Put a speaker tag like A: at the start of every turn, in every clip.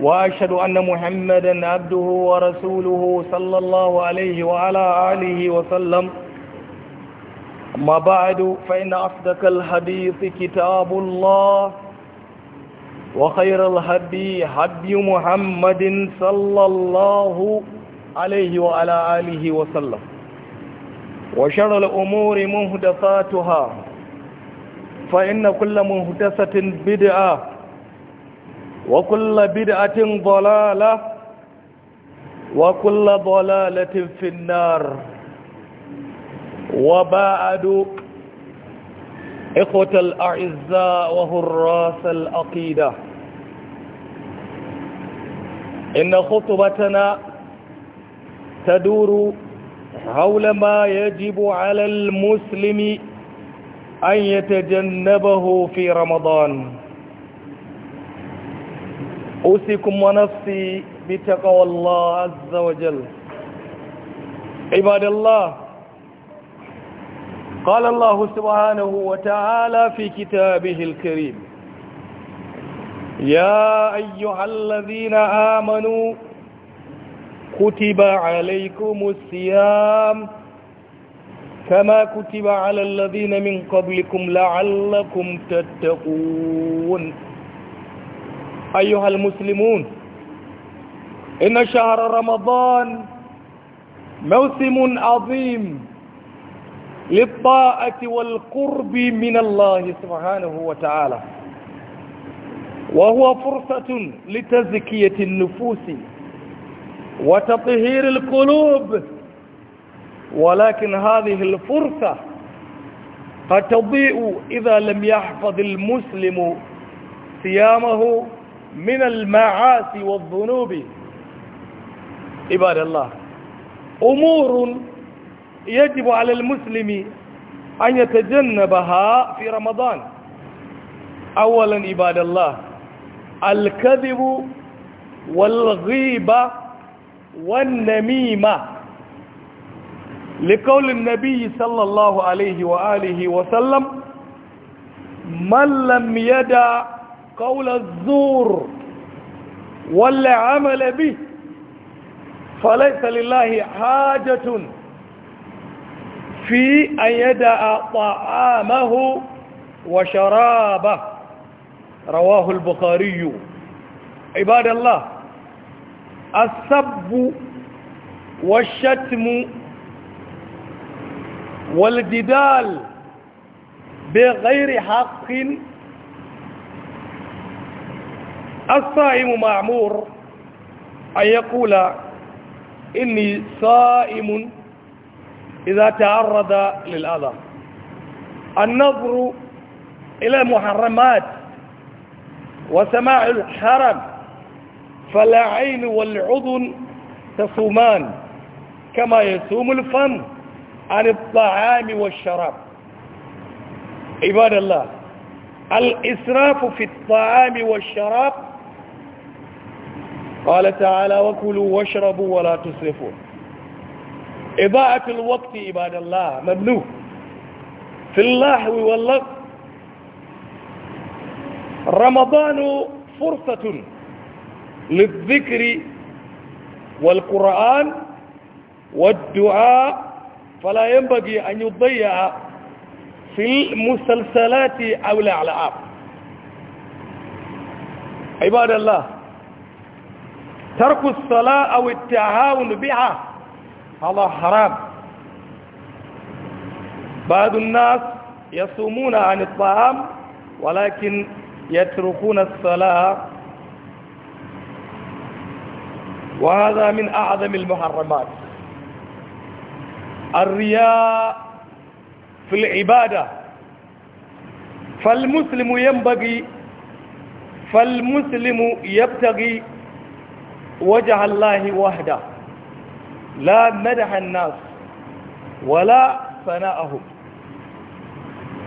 A: وأشهد أن محمدا عبده ورسوله صلى الله عليه وعلى آله وسلم ما بعد فإن أصدق الحديث كتاب الله وخير الهدي هدي محمد صلى الله عليه وعلى آله وسلم وشر الأمور مهدفاتها فإن كل مهدسة بدعة وكل بدعة ضلالة وكل ضلالة في النار وبعد إخوة الأعزاء وهراس الأقيدة إن خطبتنا تدور حول ما يجب على المسلم أن يتجنبه في رمضان أوصيكم ونفسي بتقوى الله عز وجل عباد الله قال الله سبحانه وتعالى في كتابه الكريم يا أيها الذين آمنوا كتب عليكم الصيام كما كتب على الذين من قبلكم لعلكم تتقون أيها المسلمون إن شهر رمضان موسم عظيم للطاعة والقرب من الله سبحانه وتعالى وهو فرصة لتزكية النفوس وتطهير القلوب ولكن هذه الفرصة قد تضيء إذا لم يحفظ المسلم صيامه من المعاصي والذنوب عباد الله أمور يجب على المسلم أن يتجنبها في رمضان أولا عباد الله الكذب والغيبة والنميمة لقول النبي صلى الله عليه وآله وسلم من لم يدع قول الزور ولا عمل به فليس لله حاجة في أن يدع طعامه وشرابه رواه البخاري عباد الله السب والشتم والجدال بغير حق الصائم معمور أن يقول إني صائم إذا تعرض للأذى النظر إلى المحرمات وسماع الحرم فلا عين والعضن تصومان كما يصوم الفم عن الطعام والشراب عباد الله الإسراف في الطعام والشراب قال تعالى وكلوا واشربوا ولا تسرفوا إضاعة الوقت عباد الله ممنوع في اللهو والله رمضان فرصة للذكر والقرآن والدعاء فلا ينبغي أن يضيع في المسلسلات أو الأعلام عباد الله ترك الصلاة أو التعاون بها هذا حرام بعض الناس يصومون عن الطعام ولكن يتركون الصلاة وهذا من أعظم المحرمات الرياء في العبادة فالمسلم ينبغي فالمسلم يبتغي وجه الله وحده لا مدح الناس ولا ثناءهم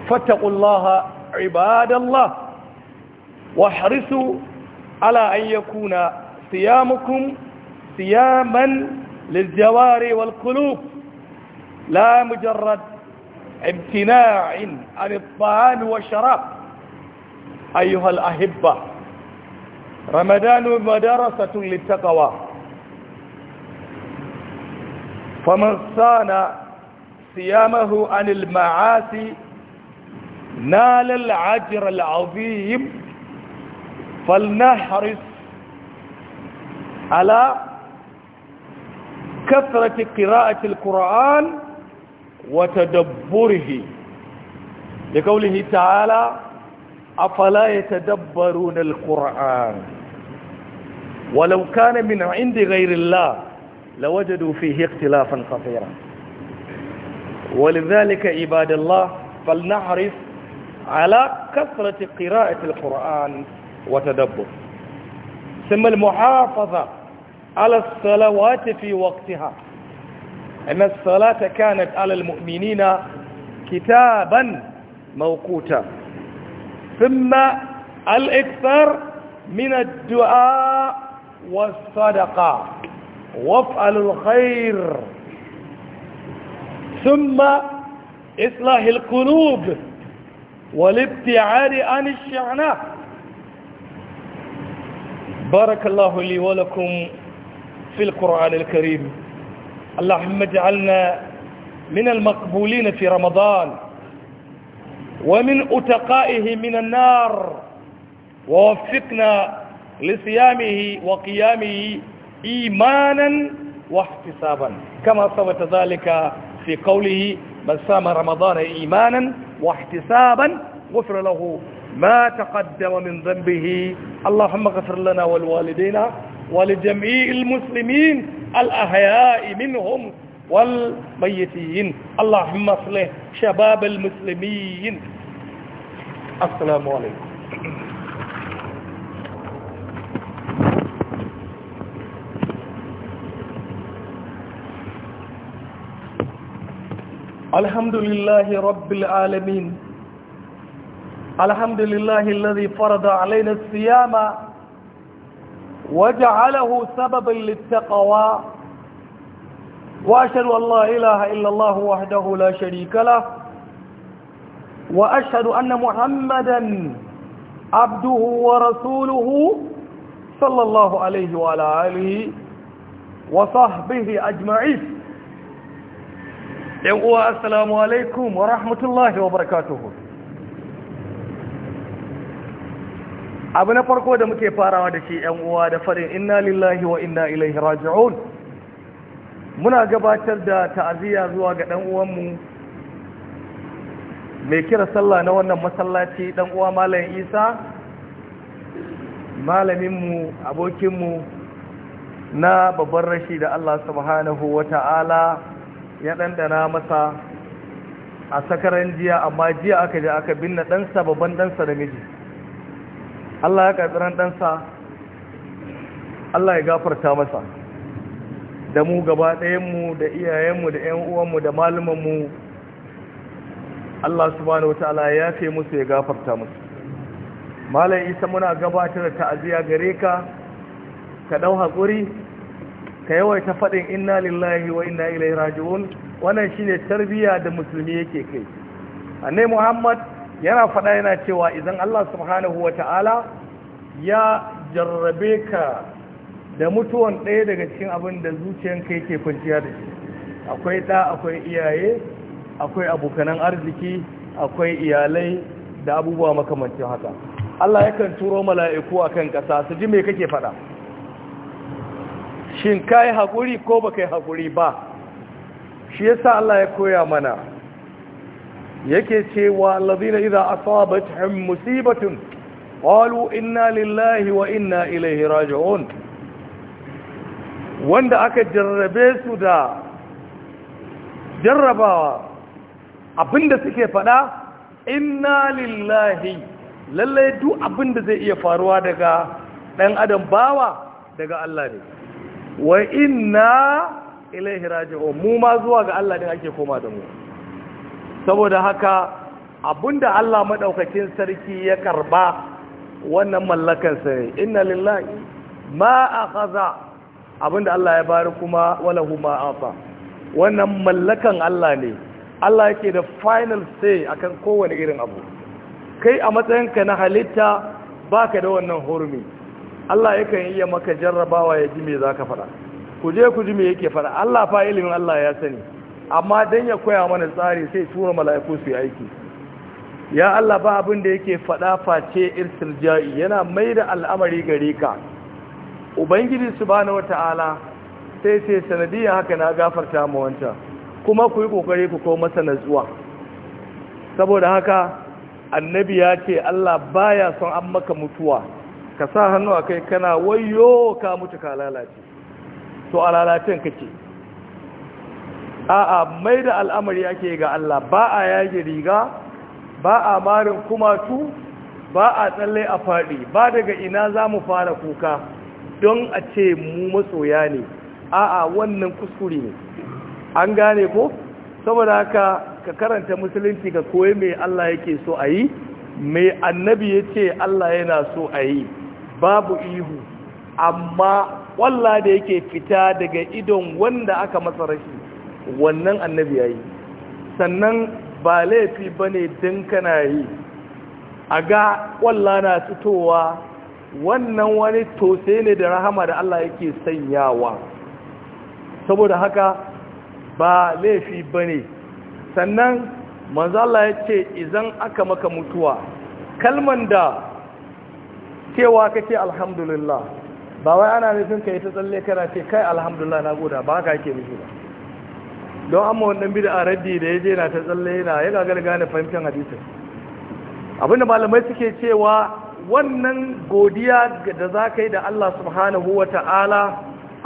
A: فاتقوا الله عباد الله واحرصوا على أن يكون صيامكم صياما للجوار والقلوب لا مجرد امتناع عن الطعام والشراب أيها الأحبة رمضان مدرسة للتقوى فمن صان صيامه عن المعاصي نال العجر العظيم فلنحرص على كثرة قراءة القرآن وتدبره لقوله تعالى أفلا يتدبرون القرآن ولو كان من عند غير الله لوجدوا فيه اختلافا كثيرا ولذلك عباد الله فلنعرف على كثرة قراءة القرآن وتدبر ثم المحافظة على الصلوات في وقتها إن الصلاة كانت على المؤمنين كتابا موقوتا ثم الإكثار من الدعاء والصدقة وفعل الخير ثم إصلاح القلوب والابتعاد عن الشعناء بارك الله لي ولكم في القرآن الكريم اللهم اجعلنا من المقبولين في رمضان ومن أتقائه من النار ووفقنا لصيامه وقيامه إيمانا واحتسابا كما ثبت ذلك في قوله من صام رمضان إيمانا واحتسابا غفر له ما تقدم من ذنبه اللهم غفر لنا والوالدين ولجميع المسلمين الأحياء منهم والميتين اللهم اصلح شباب المسلمين السلام عليكم الحمد لله رب العالمين الحمد لله الذي فرض علينا الصيام وجعله سببا للتقوى وأشهد أن لا إله إلا الله وحده لا شريك له وأشهد أن محمدا عبده ورسوله صلى الله عليه وعلى آله وصحبه أجمعين yan uwa assalamu alaikum wa rahmatullahi wa barakatuhu abu na farko da muke farawa da shi yan uwa da farin inna lillahi wa inna ilaihi raji'un muna gabatar da ta'aziyya zuwa ga dan uwanmu mai kira sallah na wannan masallaci dan uwa malam Isa malaminmu abokinmu na babban rashi da Allah subhanahu wata'ala ya ɗanɗana masa a sakaran jiya amma jiya aka ji aka binne ɗansa babban ɗansa da miji Allah ya karɓi ran ɗansa Allah ya gafarta masa da mu gaba ɗayanmu da iyayenmu da ‘yan da malumanmu Allah subhanahu wa ta'ala ya fi musu ya gafarta musu Malam Isa muna gabatar da ta'aziyya gare ka ka ɗau haƙuri ka yawaita faɗin inna lillahi wa inna ilai raji'un wannan shi ne tarbiyya da musulmi yake kai annai muhammad yana faɗa yana cewa idan allah subhanahu wa ta'ala ya jarrabe ka da mutuwan ɗaya daga cikin abin da zuciyanka yake kwanciya da shi akwai ɗa akwai iyaye akwai abokanan arziki akwai iyalai da abubuwa makamancin haka allah yakan turo mala'iku a kan ƙasa su ji me kake faɗa shin ka yi haƙuri ko ba ka yi haƙuri ba shi yasa Allah ya koya mana yake cewa allazina idza asabatuhum musibatun qalu inna lillahi wa inna ilaihi raji'un wanda aka jarrabe su da jarrabawa abinda suke fada inna lillahi lallai duk abinda zai iya faruwa daga ɗan adam bawa daga Allah ne wa inna ilaihi raji'un mu ma zuwa ga Allah din ake koma da mu saboda haka abunda Allah madaukakin sarki ya karba wannan mallakan sa ne inna lillahi ma akhadha abunda Allah ya bari kuma wala huma afa wannan mallakan Allah ne Allah yake da final say akan kowane irin abu kai a matsayinka na halitta baka da wannan hurumi Allah yakan iya maka jarrabawa ya ji me za ka faɗa ku je ku ji me yake faɗa Allah fa ilimin Allah ya sani amma dan ya koya mana tsari sai tura mala'iku su yi aiki ya Allah ba abin da yake faɗa face irtilja'i yana mai da al'amari gare ka ubangiji subhanahu wata'ala sai sai sanadiyar haka na gafarta mu wancan kuma ku yi kokari ku kawo sana natsuwa saboda haka annabi ya ce Allah baya son an maka mutuwa ka sa hannu a kai kana wayo ka mutu ka lalace to a lalacen kake a'a mai da al'amari ake ga Allah ba a yage riga ba a marin kumatu ba a tsalle a faɗi ba daga ina za mu fara kuka don a ce mu masoya ne a'a wannan kuskure ne an gane ko saboda haka ka karanta musulunci ka koyi mai Allah yake so a yi mai annabi ya ce Allah yana so a yi babu ihu amma walla da yake fita daga idon wanda aka masa rashi wannan annabi yayi sannan ba laifi bane dan kana yi a walla na fitowa wannan wani tose ne da rahama da Allah yake sanyawa saboda haka ba laifi bane sannan manzo Allah yace idan aka maka mutuwa kalman da cewa kake alhamdulillah ba wai ana nufin ka yi ta tsalle kana ce kai alhamdulillah na goda ba haka ke nufi ba don amma wannan bid'a raddi da ya je na ta tsalle yana ya gagar gane fahimtar hadisin abinda malamai suke cewa wannan godiya da za ka yi da Allah subhanahu wa ta'ala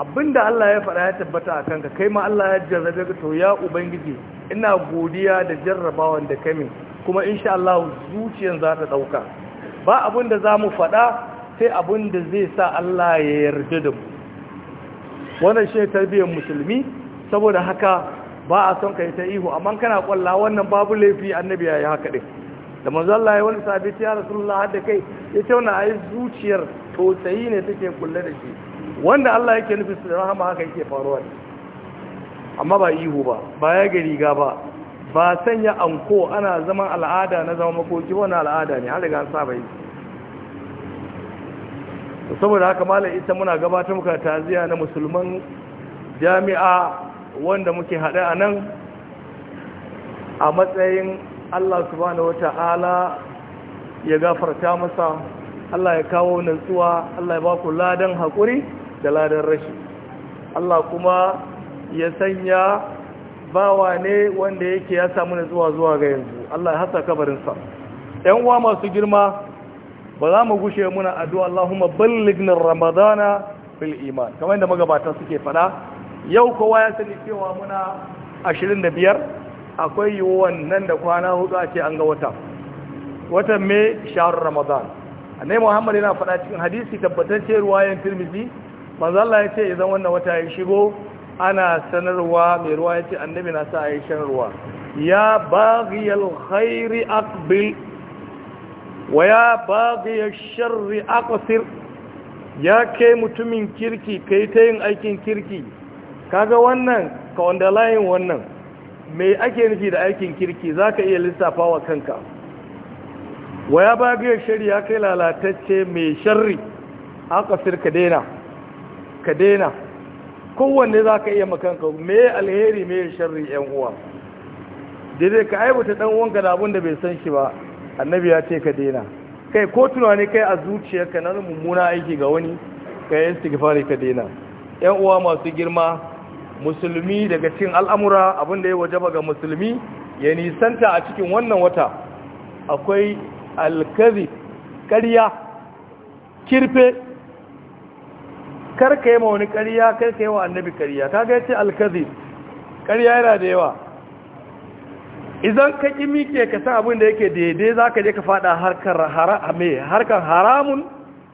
A: abinda Allah ya faɗa ya tabbata a kanka kai ma Allah ya jarrabe ka to ya ubangiji ina godiya da jarrabawan da kamin kuma insha Allah zuciyan za ta ɗauka ba abin da za mu faɗa sai abin da zai sa Allah ya yarda da mu wannan shi tarbiyyar musulmi saboda haka ba a son kai ta ihu amma kana kwalla wannan babu laifi annabi ya yi haka ɗin da manzo Allah ya wani sabi ta rasulullah da kai ya ce a yi zuciyar tausayi ne take kulle da shi wanda Allah yake nufi su da rahama haka yake faruwa amma ba ihu ba ba ya gari ga ba ba sanya anko ana zaman al'ada na zama makoki wani al'ada ne har daga saba yi saboda haka malam ita muna gabatar muka taziya na musulman jami'a wanda muke haɗe a nan a matsayin Allah subhanahu wata'ala ya gafarta masa Allah ya kawo nutsuwa Allah ya baku ladan hakuri da ladan rashi Allah kuma ya sanya bawa ne wanda yake ya samu nutsuwa zuwa ga yanzu Allah ya hasa kabarinsa ɗan uwa masu girma ba za mu gushe muna addu'a Allahumma ballighna ramadana fil iman kamar yadda magabata suke fada yau kowa ya sani cewa muna 25 akwai yiwuwan nan da kwana hudu a ce an ga wata watan mai sharar ramadan annai muhammad yana fada cikin hadisi tabbatacce ruwayan tirmizi manzo Allah ya ce idan wannan wata ya shigo ana sanarwa mai ruwa ya ce annabi na sa a yi sanarwa ya baghiyal khairi akbil wa ya shari sharri aqsir ya kai mutumin kirki ka yi ta yin aikin kirki kaga wannan ka wanda layin wannan me ake nufi da aikin kirki Za ka iya lissafa wa kanka wa ya baghiyal shari ya kai lalatacce mai sharri aqsir ka dena ka daina kowanne za ka iya makanka me alheri me sharri yan uwa daidai ka aibuta dan uwanka da abin da bai san shi ba annabi ya ce ka daina kai ko tunani kai a zuciyarka na mummuna aiki ga wani ka yi istighfari ka daina yan uwa masu girma musulmi daga cikin al'amura abin da ya wajaba ga musulmi ya nisanta a cikin wannan wata akwai alkazi ƙarya kirfe karka yi ma wani kar karka yi wa annabi ƙariya ta ga yace alkazi yana da yawa idan ka ƙi miƙe ka san abin da yake daidai za ka je ka fada harkar haramun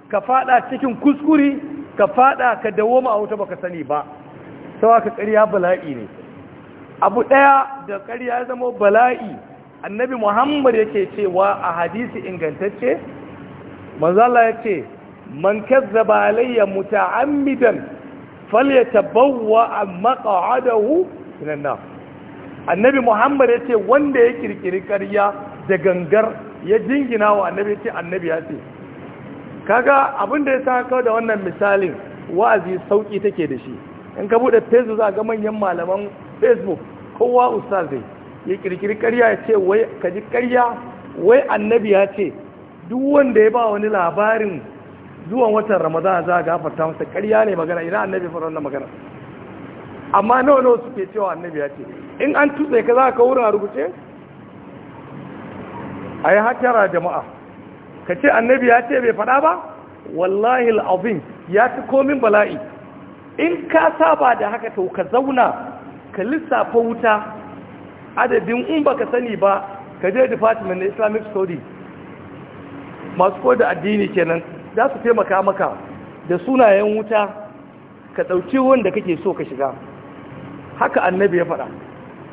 A: ka fada cikin kuskuri ka faɗa ka dawo a wuta baka sani ba sawa ka bala'i ne abu ɗaya da ƙariya ya zama bala'i annabi muhammad yake cewa a hadisi ingantacce manzala ya ce man كذب علي متعمدا فليتبوء مقعده من النار annabi muhammad yace wanda ya kirkiri ƙarya da gangar ya jingina wa annabi yace annabi ya ce kaga abinda ya saka da wannan misalin wa'azi sauki take da shi in ka bude facebook za ga manyan malaman facebook kowa ustaz dai ya kirkiri ƙarya ya wai kaji ƙarya wai annabi ya ce duk wanda ya ba wani labarin zuwan watan Ramadana za a gafarta masa karya ne magana ina annabi faɗa wannan magana amma nawa nawa suke cewa annabi ya ce in an tutse ka za ka wurin a rubuce a yi hatara jama'a ka ce annabi ya ce bai faɗa ba wallahi al'abin ya fi komin bala'i in ka saba da haka to ka zauna ka lissafa wuta adadin in ba ka sani ba ka je department na islamic study masu kodin addini kenan za su taimaka maka da sunayen wuta ka ɗauki wanda kake so ka shiga haka annabi ya faɗa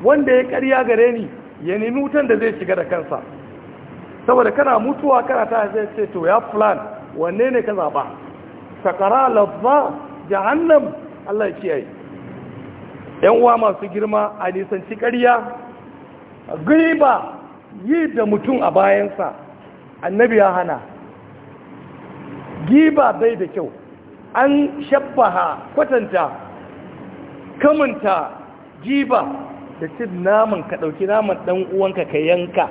A: wanda ya ƙarya gare ni ya nemi wutan da zai shiga da kansa saboda kana mutuwa kana ta zai ce to ya plan wanne ne ka zaɓa sakara labba jahannam Allah ya kiyaye yan uwa masu girma a nisanci ƙarya ba yi da mutum a bayansa annabi ya hana giba bai da kyau an shabbaha kwatanta kamanta giba da ci naman ka ɗauki naman ɗan uwanka ka yanka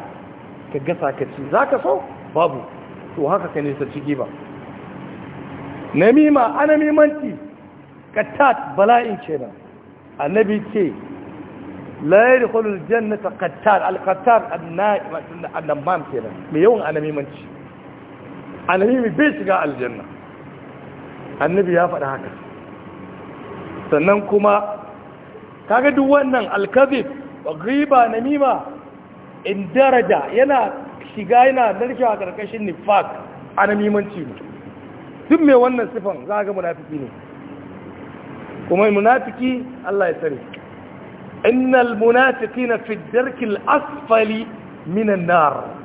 A: ka gasa ka ci za ka so babu to haka ka nisa ci giba namima ana mimanci kattat bala'in kenan annabi ce la yadkhulul jannata qattar al qattar annam kenan me yawan anamimanci alhimi bai shiga aljanna annabi ya faɗi haka sannan kuma kaga duk wannan alkazib riba namima in daraja yana shiga yana narkewa karkashin nifaq a namimanci ne duk mai wannan sifan za ga munafiki ne kuma munafiki Allah ya tsare innal munafiqina fi ddarkil asfali minan nar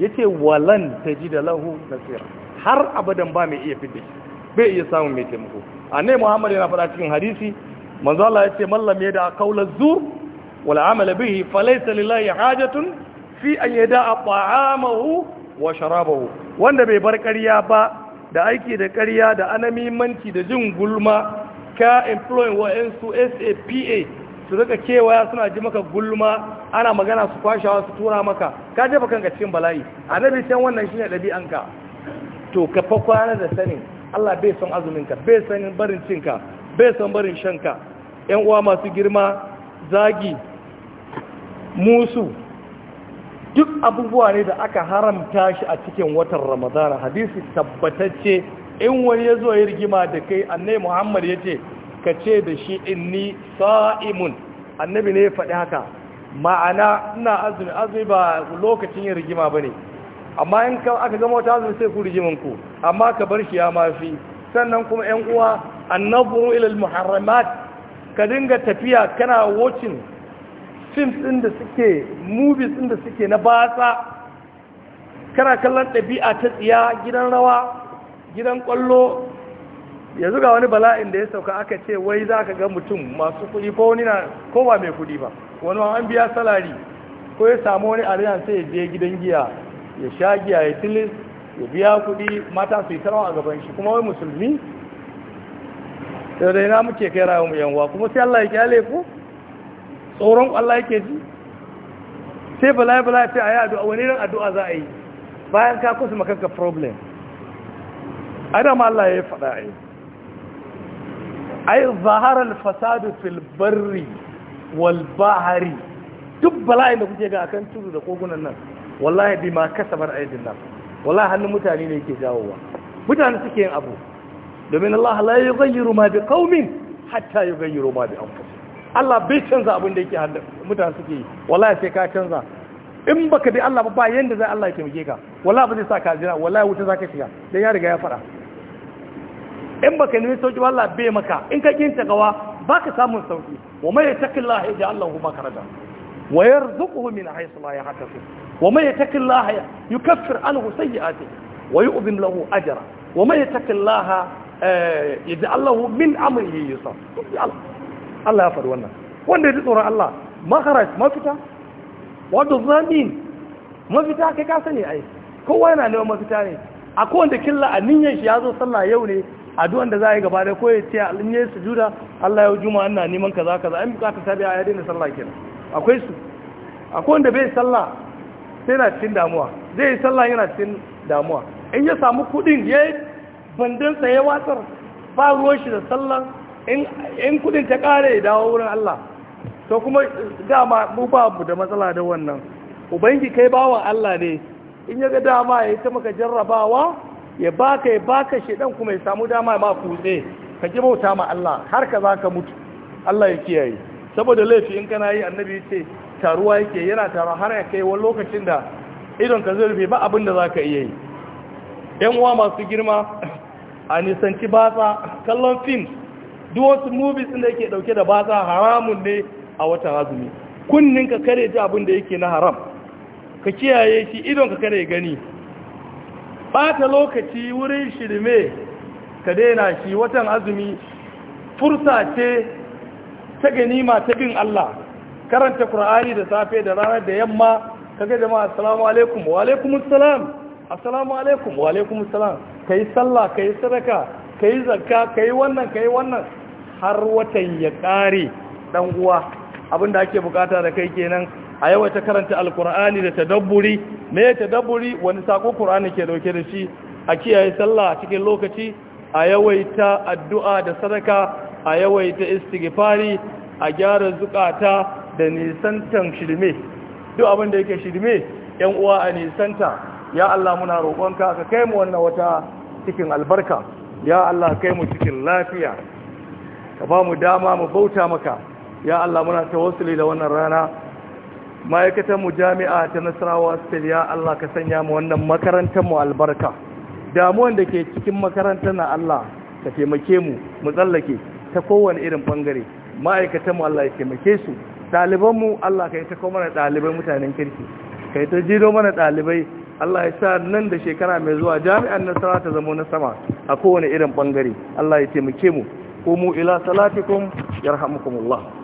A: yace walan da lahu nasira har abadan ba mai iya fidda bai iya samun mai taimako ne muhammad yana faɗa cikin hadisi manzo Allah yace mallam ya da kaula zur wal amala bihi falaysa lillahi hajatun fi an yada'a ta'amahu wa sharabahu wanda bai bar ƙarya ba da aiki da ƙarya da anamimanci da jin gulma ka employing wa SAPA su rika kewa suna ji maka gulma ana magana su kwashawa su tura maka ka jefa kanka cikin bala'i annabi can wannan shine ɗabi'anka to ka fa kwana da sanin Allah bai son azuminka bai son barin cinka bai son barin shanka yan uwa masu girma zagi musu duk abubuwa ne da aka haramta shi a cikin watan ramadana hadisi tabbatacce in wani ya zo ya rigima da kai annai muhammad ya ce ka ce da shi inni sa'imun annabi ne ya faɗi haka ma'ana ina azumi azumi ba lokacin yin rigima ba ne amma in aka gama wata azumi sai ku rigimanku amma ka bar shi ya mafi sannan kuma 'yan uwa annabu ilal muharramat ka dinga tafiya kana watching fim ɗin da suke movies ɗin da suke na batsa kana kallon ɗabi'a ta tsiya gidan rawa gidan ƙwallo yanzu ga wani bala'in da ya sauka aka ce wai za ka ga mutum masu kuɗi ko wani na ko ba mai kuɗi ba wani an biya salari ko ya samu wani ariyan sai ya je gidan giya ya sha giya ya tilis ya biya kuɗi mata su yi tarawa a gaban shi kuma wai musulmi da na muke kai rayuwar mu yanwa kuma sai Allah ya kyale ku tsoron Allah yake ji sai bala'i bala'i sai a yi addu'a wani ran addu'a za a yi bayan ka kusa makanka problem adama Allah ya yi a yi ai zaharar fasadu fil barri wal bahari duk bala'in da kuke ga akan tudu da kogunan nan wallahi bi ma kasabar aidin nan wallahi hannun mutane ne yake jawowa mutane suke yin abu domin Allah la yughayyiru ma bi qaumin hatta yughayyiru ma bi anfusihim Allah bai canza abin da yake hannun mutane suke yi wallahi sai ka canza in baka bi Allah ba ba yanda zai Allah ya taimake ka wallahi ba zai sa ka jira wallahi wuta zaka shiga dan ya riga ya fara in baka nemi sauki Allah bai maka in ka kinta gawa baka samun sauki wa mai Allah ya ja'allahu makarada wa yarzuquhu min haythu la yahtasib wa mai yatakillah yukaffir anhu sayyi'atihi wa yu'zim lahu ajra wa mai yatakillah eh, yaj'allahu min amrihi yusra Allah ya faɗi wannan wanda ya ji tsoron Allah makaraj mafita wadda zamin mafita kai ka sani ai kowa yana neman mafita ne a kowanda killa a niyyar shi ya zo sallah yau ne addu'an da za a yi gaba da koyi ce in yi sujuda Allah ya juma ina neman kaza kaza an bukata ta biya yadda daina sallah kenan akwai su akwai wanda bai sallah sai na cikin damuwa zai yi sallah yana cikin damuwa in ya samu kudin ya yi bandin tsaye watsar ba ruwan shi da sallah in kudin ta kare ya dawo wurin Allah to kuma dama mu ba mu da matsala da wannan ubangi kai bawa Allah ne in ya ga dama ya yi ta maka jarrabawa ya baka ya baka shi shedan kuma ya samu dama ma kutse ka ji bauta ma Allah har ka za mutu Allah ya kiyaye saboda laifi in kana yi annabi ya ce taruwa yake yana taruwa har ya kai wani lokacin da idon ka zurfe ba abin da za ka iya yi yan uwa masu girma a nisanci batsa kallon fim duk wasu movies da yake dauke da batsa haramun ne a watan azumi kunnin ka kare ji abin da yake na haram ka kiyaye shi idon ka kare gani Bata lokaci wurin shirme ka daina shi watan azumi fursa ce ta ganima ta bin Allah karanta Kur'ani da safe da rana da yamma kaga jama'a assalamu alaikum wa alaikum assalam assalamu alaikum wa alaikum assalam kai sallah kai sadaka kai zakka kai wannan kai wannan har watan ya ƙare dan uwa abinda ake bukata da kai kenan a yawaita karanta alkur'ani da tadabburi me tadabburi wani sako qur'ani ke dauke da shi a kiyaye sallah a cikin lokaci a yawaita addu'a da sadaka a yawaita istighfari a gyara zukata da nisantan shirme duk abin da yake shirme yan uwa a nisanta ya Allah muna roƙonka ka kai mu wannan wata cikin albarka ya Allah kai mu cikin lafiya ka ba mu dama mu bauta maka ya Allah muna tawassuli da wannan rana ma'aikatan mu jami'a ta nasarawa state ya Allah ka sanya mu wannan makarantar mu albarka damuwan da ke cikin makarantar na Allah ka taimake mu mu tsallake ta kowane irin bangare ma'aikatanmu mu Allah ya taimake su ɗaliban mu Allah ka yi ta kawo mana ɗalibai mutanen kirki ka yi ta jiro mana ɗalibai Allah ya sa nan da shekara mai zuwa jami'an nasara ta zama na sama a kowane irin bangare Allah ya taimake mu mu ila salatikum yarhamukumullah